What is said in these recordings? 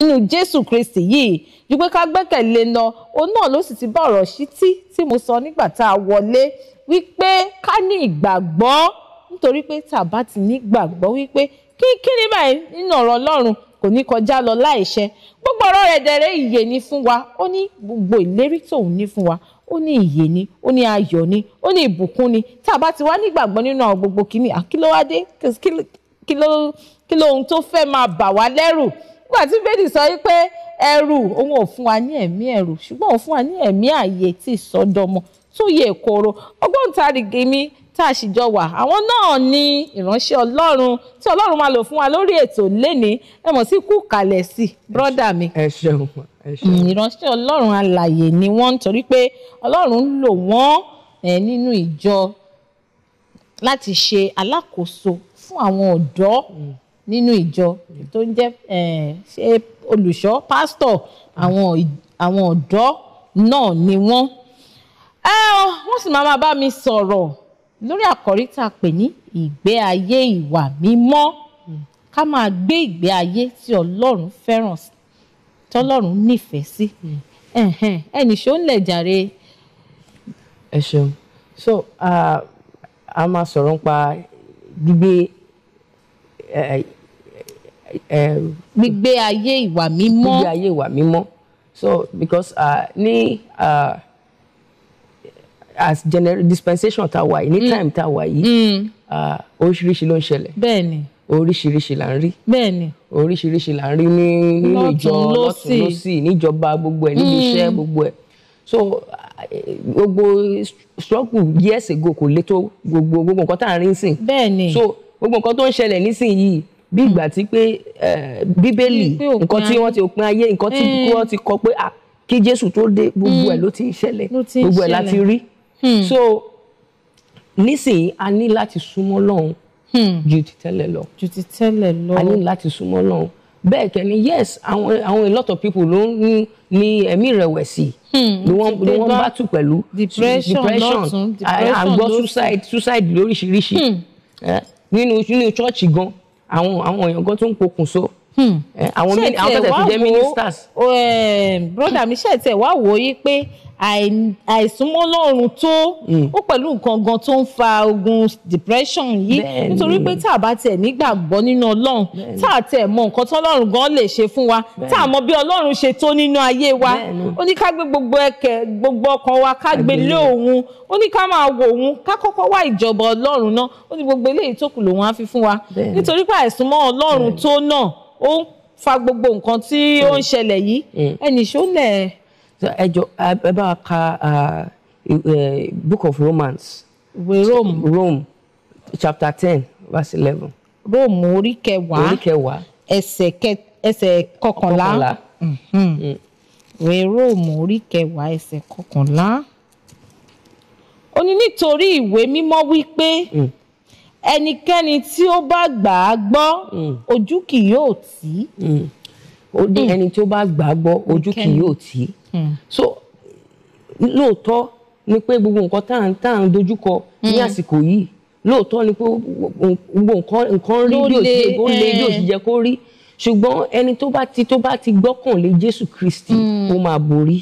nínú Jésù Kristi yìí ju pé ká gbẹ́kẹ̀lé lọ òun náà ló sì ti bá ọ̀rọ̀ ṣítí tí mo sọ nígbà tá a wọlé wípé ká ní ìgbàgbọ́ nítorí pé tá a bá ti ní ìgbàgbọ́ wípé kí kí ni báyìí nínú ọ̀rọ̀ Ọlọ́run kò ní kọjá lọ láìṣẹ gbogbo ọ̀rọ̀ rẹ̀ dẹ̀rẹ̀ ìyè ni fún wa ó ní gbogbo ìlérí tóun ní fún wa ó ní ìyè ni ó ní ayọ̀ ni ó ní ìbùkún ni tá a bá ti wá nígbàgbọ́ nínú àwọn gbogbo kìíní àkílówádé kí ló ohun tó fẹ́ máa bà wá lẹ́rù nígbà tí bẹ́ẹ̀ni sọ pé ẹrù òun ò fún wa ní ẹ̀mí ẹ̀rù ṣùgbọ́n òun fún wa ní ẹ̀mí ààyè tí ìsọdọmọ tó yẹ kóró ọgbọ́ntarìgì mi tá a sì jọ wà àwọn náà ní ìránṣẹ́ ọlọ́run tí ọlọ́run máa lò fún wa lórí ètò lẹ́ni ẹ mọ̀ sí kú kalẹ̀ sí brọ́dà mi. ẹ ṣeun ẹ ṣeun. Mm, ìránṣẹ́ ọlọ́run alàyè ni wọ́n ń torí pé ọlọ́run ń lò wọ́n nínú ìjọ láti ṣe alákòóso fún àwọn ọ̀dọ́ mm nínú ìjọ tó ń jẹ́ eh, ṣe olùṣọ́ pásítọ̀ àwọn ọ̀dọ́ náà ni wọ́n wọ́n sì máa bá mi sọ̀rọ̀ lórí àkọ́rí tá a pè ní ìgbé ayé ìwà mímọ́ ká máa gbé ìgbé ayé tí Ọlọ́run fẹ́ràn tọ́lọ́run nífẹ̀ẹ́ sí ẹnì ṣó ń lẹ̀ jàre. ẹ ṣeun so a máa sọ̀rọ̀ nípa gbígbé eh, gbígbé ayé ìwà mímọ́ gbígbé ayé ìwà mímọ́ so because uh, ní uh, as general dispensation tá wà yìí ní mm. time tá wà yìí mm. uh, oríṣiríṣi ló ń ṣẹlẹ̀ bẹ́ẹ̀ni oríṣiríṣi là ń rí bẹ́ẹ̀ni oríṣiríṣi là ń rí ní nínú ìjọ lọ́tún lọ́sì níjọba gbogbo ẹ̀ níbi iṣẹ́ mm. gbogbo ẹ̀ so gbogbo struggle years ago kò lè tó gbogbo gbogbo nǹkan tá à ń rí nísìn bẹ́ẹ̀ni so gbogbo nǹkan tó ń ṣẹlẹ̀ nísìn yìí bí ìgbà tí pé eh, bíbélì nǹkan tí wọ́n ti òpin ayé nǹkan tí hmm. wọ́n ti kọ pé kí Jésù tó dé gbogbo ẹ̀ hmm. ló ti ń ṣẹlẹ̀ gbogbo ẹ̀ láti rí hmm. so nísìnyí a ní láti súnmọ́ Ọlọ́run ju ti tẹ́lẹ̀ lọ ju ti tẹ́lẹ̀ a ní láti súnmọ́ Ọlọ́run bẹ́ẹ̀ kẹ́ni yes àwọn àwọn a lot of people ló ń ní ẹ̀mí ìrẹ̀wẹ̀sì ni wọ́n ni wọ́n bá tù pẹ̀lú depression depression àgbọ̀ suicide suicide lóríṣiríṣi eh, nínú nínú chọ́ọ̀chì gan-an àwọn àwọn èèyàn gan tó ń pokùnso hmm. àwọn àwọn tẹ̀sán jẹ́ ministers. broda mi ṣe tẹ̀ wá wò yí pé àìsúnmọ́ Ọlọ́run tó hmm. ó pẹ̀lú nǹkan gan tó ń fa ogun depression yìí nítorí pé tá a bá tiẹ̀ nígbàgbọ́ nínú Ọlọ́run tá a tiẹ̀ mọ nǹkan tó Ọlọ́run gan lè ṣe fún wa tá a mọ bí Ọlọ́run ṣe tó nínú ayé wa ó ní ká gbé gbogbo ẹkẹ gbogbo ọkàn wa ká gbé lé òun ó ní ká máa wo òun ká kọ́kọ́ wá ìjọba Ọlọ́run náà ó ní gbogbo eléyìí tó kù lòun á fi fún wa nítorí pé àìsúnmọ́ Ọlọ́run tó náà ó ń fa gbogbo nǹkan tí ó ń ṣẹlẹ̀ yìí hmm. ẹnì ṣó ẹ jọ ẹ bá ka uh, uh, book of Romans. Rome Rome chapter ten verse eleven. Rome orí kẹwàá orí kẹwàá ẹsẹ̀ kẹ kọkànlá ìwé mhm. mm. Rome orí kẹwàá ẹsẹ̀ kọkànlá. Oni ní nítorí ìwé mímọ́ wí pé mm. ẹnikẹ́ni tí ó bá gbà á gbọ́ mm. ojú kì yóò tì í. ó ní ẹni tí ó bá gbà á gbọ́ ojú kì yóò tì í Hmm. so lóòótọ́ ni pé gbogbo nǹkan tá à ń tá à ń dojúkọ ní hmm. àsìkò yìí lóòótọ́ ni pé gbogbo nǹkan rí bí ó lè eh. bí kó rí ṣùgbọ́n ẹni tó bá ti tó bá ti gbọ́kànlé Jésù Kristi hmm. ó máa borí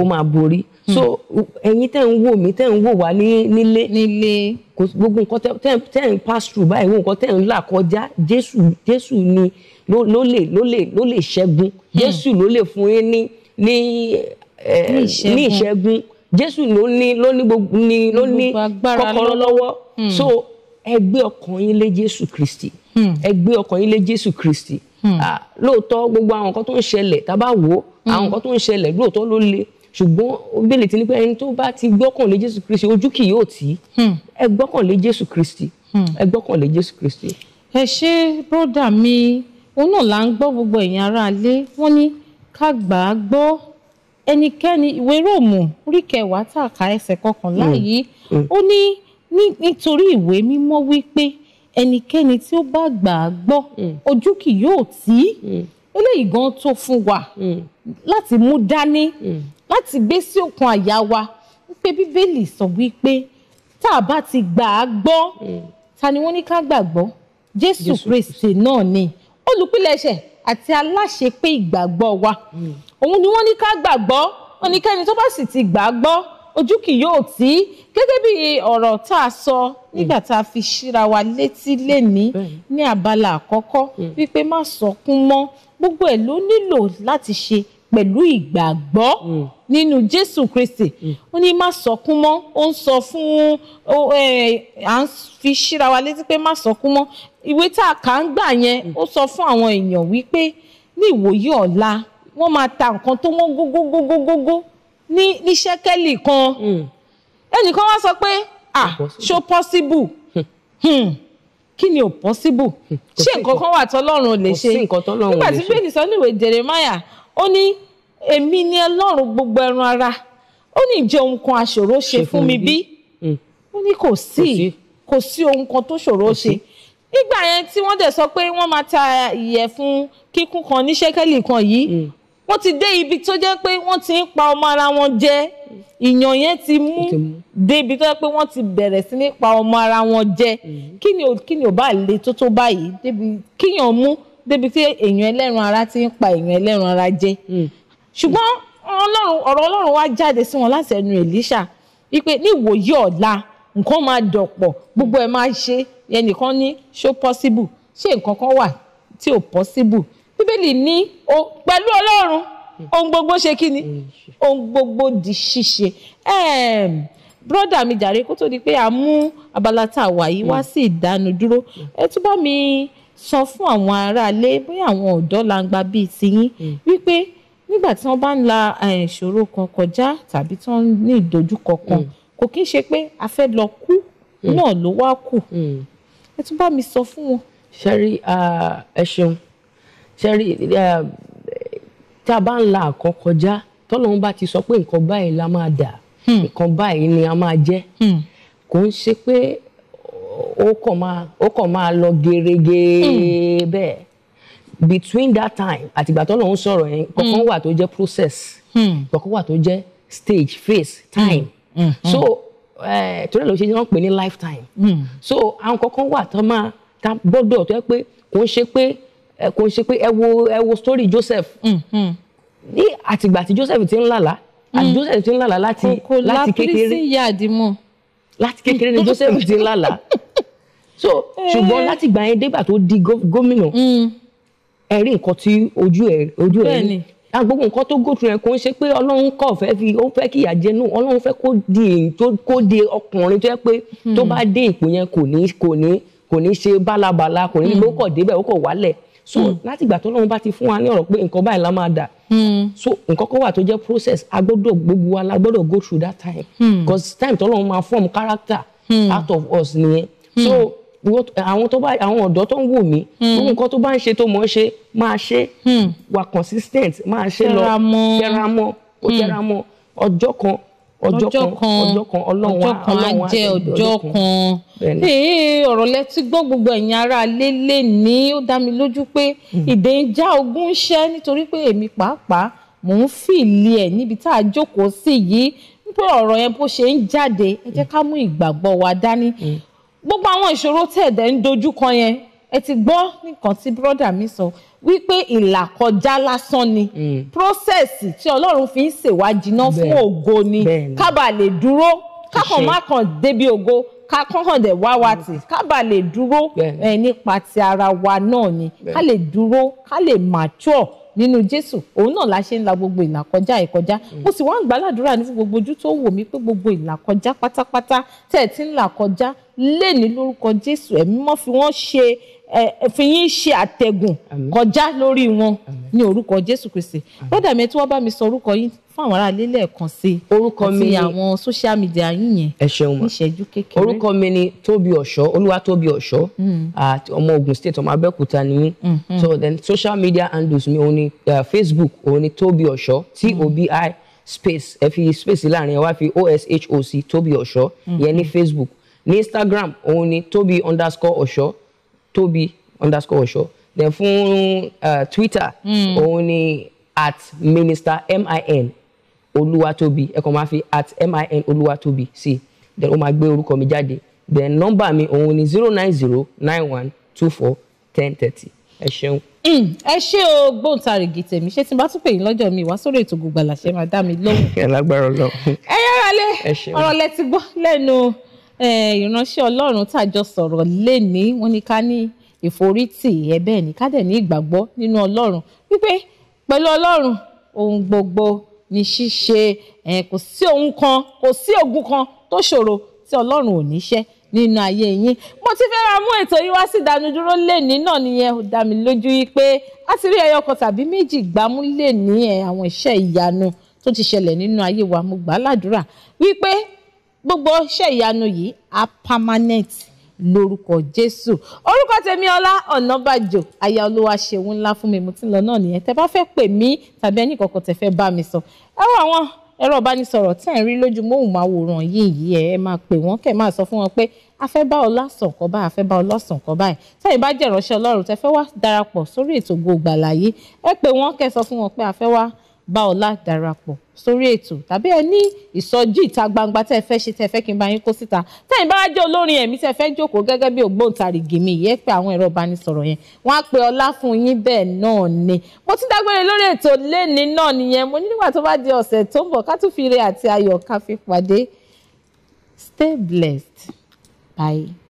ó máa borí so ẹ̀yin tẹ́ ń wò mí tẹ́ ń wò wá nílé nílé gbogbo nǹkan tẹ́ ń pass through báyìí gbogbo nǹkan tẹ́ ń là kọjá Jésù Jésù ni ló lè ló lè ló lè ṣẹ́gun Jésù ló lè fún yín ní ní ní ìṣẹ́gun Jésù ló ní ló ní gbogbo ní ló ní kọ́kọ́rọ́ lọ́wọ́ hmm. so ẹ gbé ọkàn yín lé Jésù Kristi hmm. ẹ gbé ọkàn yín lé Jésù Kristi hmm. lóòótọ́ gbogbo àwọn nǹkan tó ń ṣẹlẹ̀ tá a bá wò ó àwọn nǹkan tó ń ṣẹlẹ̀ lóòótọ́ ló le ṣùgbọ́n bíbélì ti ní pé ẹni tó bá ti gbọ́kànlé Jésù Kristi ojú kì yóò tì í ẹ gbọ́kànlé Jésù Kristi ẹ gbọ́kànlé Jésù Kristi. ẹ ṣe bọ́dà mi òun náà là ń gbọ́ gbogbo ẹ̀yin ará ilé wọ́n ní ká gbà á gbọ́ ẹnikẹ́ni ìwé róòmù orí kẹwàá tàka ẹsẹ̀ kọkànlá mm, yìí mm. ó ní nítorí ìwé mímọ́ wípé ẹnikẹ́ni tí ó bá gbà á gbọ́ mm. ojú kì yóò tì í eléyìí gan tó fún wa láti mú dání láti gbé sí òkun àyà wa wípé bíbélì sọ wípé tá a bá ti gbà á gbọ́ ta ni wọ́n ní ká gbàgbọ́ jésù kristi náà ni olùpilẹ̀ṣẹ̀ àti aláṣepé ìgbàgbọ́ wa òun ni wọ́n ní ká gbàgbọ́ oníkẹ́ni tó bá sì ti gbàgbọ́ ojú kì yóò tí gẹ́gẹ́ bí ọ̀rọ̀ tá a sọ nígbà tá a fi ṣíra wa létí lénìí ní abala àkọ́kọ́ hmm. wípé má sọkún mọ́ gbogbo ẹ̀ ló nílò láti ṣe pẹ̀lú ìgbàgbọ́ mm. nínú Jésù Kristi mm. ó ní má sọkún mọ́ ó ń sọ fún à ń fi síra wa létí pé má sọkún mọ́ ìwé tá a kà ń gbà yẹn mm. ó sọ fún àwọn èèyàn wípé ní ìwòye ọ̀la wọ́n máa ta nǹkan tó wọ́n gógógógógógó ní ní ṣẹ́kẹ́lì kan ẹnìkan wá sọ pé ah ṣó possible hmm. Hmm. kí ni ò possible hmm. ṣé nǹkan kan wà tọ́lọ́run ò lè ṣe nígbà tí bẹ́ẹ̀ ni sọ níwèé Jeremiah ó ní èmi ni ẹlọ́run gbogbo ẹran ara ó ní ìjẹ́ ohun kan àṣòro ṣe fún mi bí mm. ó ní kò sí kò sí ohun kan tó ṣòro ṣe nígbà yẹn tí wọ́n dẹ̀ sọ pé wọ́n máa ta ìyẹ̀fun kíkún kan ní ṣẹ́kẹ́lì kan yìí mm. wọ́n ti dé ibi tó jẹ́ pé wọ́n ti ń pa ọmọ ara wọn jẹ ìyàn yẹn ti mú dé ibi tó jẹ́ pé wọ́n ti bẹ̀rẹ̀ sí ní pa ọmọ ara wọn jẹ mm. kí ni kí ni ò bá le tó tó báyìí kíyàn mú débi tí èèyàn ẹlẹ́ran ara ti ń pa èèyàn ẹlẹ́ran ara jẹ ṣùgbọ́n ọlọ́run ọ̀rọ̀ ọlọ́run wá jáde sí wọn láti ẹnu Èlíṣà wípé níwòyí ọ̀la nǹkan máa dọ̀pọ̀ gbogbo ẹ̀ máa ṣe ẹnìkan ní ṣó possible ṣé nǹkan kan wà tí ò possible bíbélì ní pẹ̀lú ọlọ́run ohun gbogbo ṣe kí ni ohun gbogbo di ṣíṣe brọ́dà mi jàre kó tó di pé a mú abala tá a wà yìí wá sí ìdánudúró ẹ tún bá mi sọ fún àwọn aráalé bóyá àwọn ọ̀dọ́ langba bíi tiyín hmm. wípé nígbà tí wọ́n bá ń la eh, ìṣòro kan kọjá tàbí tí wọ́n ní ìdojúkọ kan mm. kò kí ń ṣe pé a fẹ́ lọ kú mm. náà ló wá kù mm. ẹ tún bá mi sọ fún wọn. ṣẹ́rí ẹ ṣeun ṣẹ́rí tá a bá ń la àkọ́ kọjá tọ́lọ́run bá ti sọ pé nǹkan báyìí la máa dà hmm. nǹkan báyìí ni a máa jẹ́ hmm. kò ń ṣe pé ó kàn máa lọ gerege hmm. bẹ́ẹ̀ between that time àtìgbà tó lòun sọ̀rọ̀ yẹn kọ̀ọ̀kan hmm. wà tó jẹ́ process hmm. kọ̀ọ̀kan wà tó jẹ́ stage phase hmm. time so eh, torí ló ṣe wọ́n pè ní lifetime so àwọn kọ̀ọ̀kan wà tó máa ta gbọ́dọ̀ tó yẹ pé kò ń ṣe pé eh, kò ń ṣe pé ẹ wo ẹ wo story Joseph ní àtìgbà tí Joseph ti ń lálàá àti Joseph ti ń lálàá láti láti kékeré láti kékeré ni Joseph ti ń lálàá so ṣùgbọ́n eh. láti gbà yẹn dégbà tó di gómìnà ẹ rí nǹkan tí ojú ẹ ojú ẹ rí agbogbo nǹkan tó gòtù yẹn kò ń ṣe pé ọlọ́run kọ̀ fẹ́ fi ó fẹ́ kìyà jẹ nù ọlọ́run fẹ́ kó di tó kó di ọkùnrin tó yẹ pé tó hmm. bá dé ipò yẹn kò ní kò ní kò ní ṣe bálabàla kò ní ló hmm. kọ̀ débẹ̀ ó kọ̀ wálẹ̀ so hmm. láti ìgbà tọ́lọ́run bá ti fún wa ní ọ̀rọ̀ pé nǹkan báyìí la máa dà so nǹkan kan wà tó jẹ́ process a gbọ́dọ̀ gbogbo wa la gbọ́dọ̀ go through that time because time tọ́lọ́run máa form character out of us nìyẹn so. Mm àwọn tó bá àwọn ọ̀dọ́ tó ń wò mí hmm. gbogbo nǹkan tó bá ń ṣe tó mọ̀ ọ́ ṣe máa ṣe hmm. wà consistent máa ṣe lọ tẹra mọ́ ó hmm. tẹra mọ́ ọjọ́ kan ọjọ́ kan ọjọ́ kan ọlọ́run ọlọ́run á jẹ́ ọjọ́ kan ee ọ̀rọ̀ lẹ́tí gbọ́ gbogbo ẹ̀yin ará alé lè ní ó dá mi lójú pé ìdè ń já ogún ṣẹ́ nítorí pé èmi pàápàá mò ń fìlì ẹ̀ níbi tá a jókòó sí yìí pé ọ̀rọ̀ yẹn bó ṣe ń jáde ẹ jẹ́ ká mú ìgbàgbọ́ wa dání gbogbo àwọn ìṣòro tẹ̀dẹ̀ ń dojú kan yẹn ẹ ti gbọ́ nìkan tí brọ́dà mi sọ wípé ìlàkọjá lásán ni mm. prósẹ̀sì tí ọlọ́run fi ń ṣèwà jìnnà fún ògo ni kábà lè dúró kákan má kàn débi ògo kákan dẹ̀ wá wa tì mm. kábà lè dúró nípa ti ara wa náà ni ká lè dúró ká lè mature nínú Jésù òun náà la ṣe ń la gbogbo ìlàkọjá ìkọjá mm. mo sì wá ń gbàládùra ní fún gbogbo ojú tó wò mí pé gbogbo ìlàkọjá pátápátá tẹ̀ tí ń là kọjá lé ní lórúkọ Jésù ẹ̀mí mọ́ fi wọ́n ṣe fi yín ṣe àtẹ̀gùn kọjá lórí wọn ní orúkọ Jésù Kristi bọ́dà mi tí wọ́n bá mi sọ orúkọ yín fún àwọn ará lẹ́ẹ̀kan sí i orúkọ mi ni àti àwọn social media yín yẹn níṣẹ́jú kékeré orúkọ mi ni Tóbi Ọ̀ṣọ́ Olúwa Tóbi Ọ̀ṣọ́ hmm. àti ọmọ Ògùn state ọmọ Abẹ́òkúta ni mí hmm, hmm. so then social media handles mi òun ni uh, Facebook òun ni Tóbi Ọ̀ṣọ́ T-O-B-I. Mm space ẹ fi space láàrin ẹ wá fi oshoc tóbi ọ̀ṣọ́ yẹn ní facebook ní instagram òun ni tóbi underscore ọ̀ṣọ́ tóbi underscore ọ̀ṣọ́ then fún uh, twitter hmm. òun mm. ni at minister min olúwatóbi ẹ kàn máa fi at min Oluwatobi. sí then ó máa gbé orúkọ mi jáde then nọ́mbà mi òun ni zero nine zero nine one two four ten thirty ẹ ṣeun. Hmm. ẹ ṣé o gbóǹtarìgì tèmi ṣé tí n bá tún pè yín lọ́jọ́ mi wá sórí ètò gbogbo àlàṣẹ máa dá mi lóhùn. ẹ lágbára lọ. ẹ yára lé ọ̀rọ̀ lẹ ti gbọ́ lẹ́nu. No Eh, ìránṣẹ́ ọlọ́run tàjọ sọ̀rọ̀ lẹ́ni wọ́n ní ká ní ìforítì ẹ bẹ́ẹ̀ ni ká dẹ̀ ní ìgbàgbọ́ nínú ọlọ́run wípé pẹ̀lú ọlọ́run ohun gbogbo ní ṣíṣe eh, kò sí ohun kan kò sí ogun kan tó ṣòro tí ọlọ́run ò ní ṣe nínú ayé yín mo ti fẹ́ ra mú ètò yìí wá sí ìdánudúró lẹ́ni náà nìyẹn ó dá mi lójú yìí pé a ti rí ẹyọ kan tàbí méjì gbámú lẹ́ni eh, àwọn iṣẹ́ ìyanu tó ti ṣẹlẹ̀ nínú ayé wa mo gbà á ládùúrà wípé gbogbo iṣẹ́ ìyanu yìí á permanent lórúkọ jésù orúkọ tèmi ọlá ọ̀nàbàjò aya olúwa ṣeun ńlá fún mi mo ti lọ náà nìyẹn tẹ bá fẹ́ pè mí tàbí ẹni kọ̀ọ̀kan tẹ fẹ́ bá mi sọ ẹ wọ àwọn ẹ̀rọ ìbánisọ̀rọ̀ tẹ̀ ń rí lójú móhùnmáwòrán yìí yìí ẹ ẹ máa pè wọ́n kẹ́ máa sọ fún wọn pé a fẹ́ bá ọlá sàn kọ́ báyìí a fẹ́ bá ọlá sàn kọ́ báyìí sẹ́yìn bá jẹ́ ìránṣẹ́ ọlọ́run tẹ fẹ́ wá darapọ̀ sórí ètò Ògo Ìgbàlà yìí ẹ pè wọ́n kẹ́ sọ fún wọn pé a fẹ́ wá bá ọlá darapọ̀ sórí ètò tàbí ẹ ní ìsọjí ìta gbangba tẹ́ ẹ fẹ́ ṣe tẹ́ ẹ fẹ́ kí n bá yín kó síta tẹ́yìn bá jẹ́ olórin ẹ̀mí tẹ́ ẹ jókòó gẹ́gẹ́ bí ògbóǹtarìgì mi ìyẹn pé àwọn ẹ̀rọ ìbánisọ̀rọ̀ yẹn wọ́n á pe ọlá fún yín bẹ́ẹ̀ náà ni mo ti dágbére lórí ètò lẹ́ni náà nìyẹn mo ní nígbà tó bá di ọ̀sẹ̀ tó ń bọ̀ ká tún fi ire àti ayọ̀ ká fi pàdé stay blessed bye.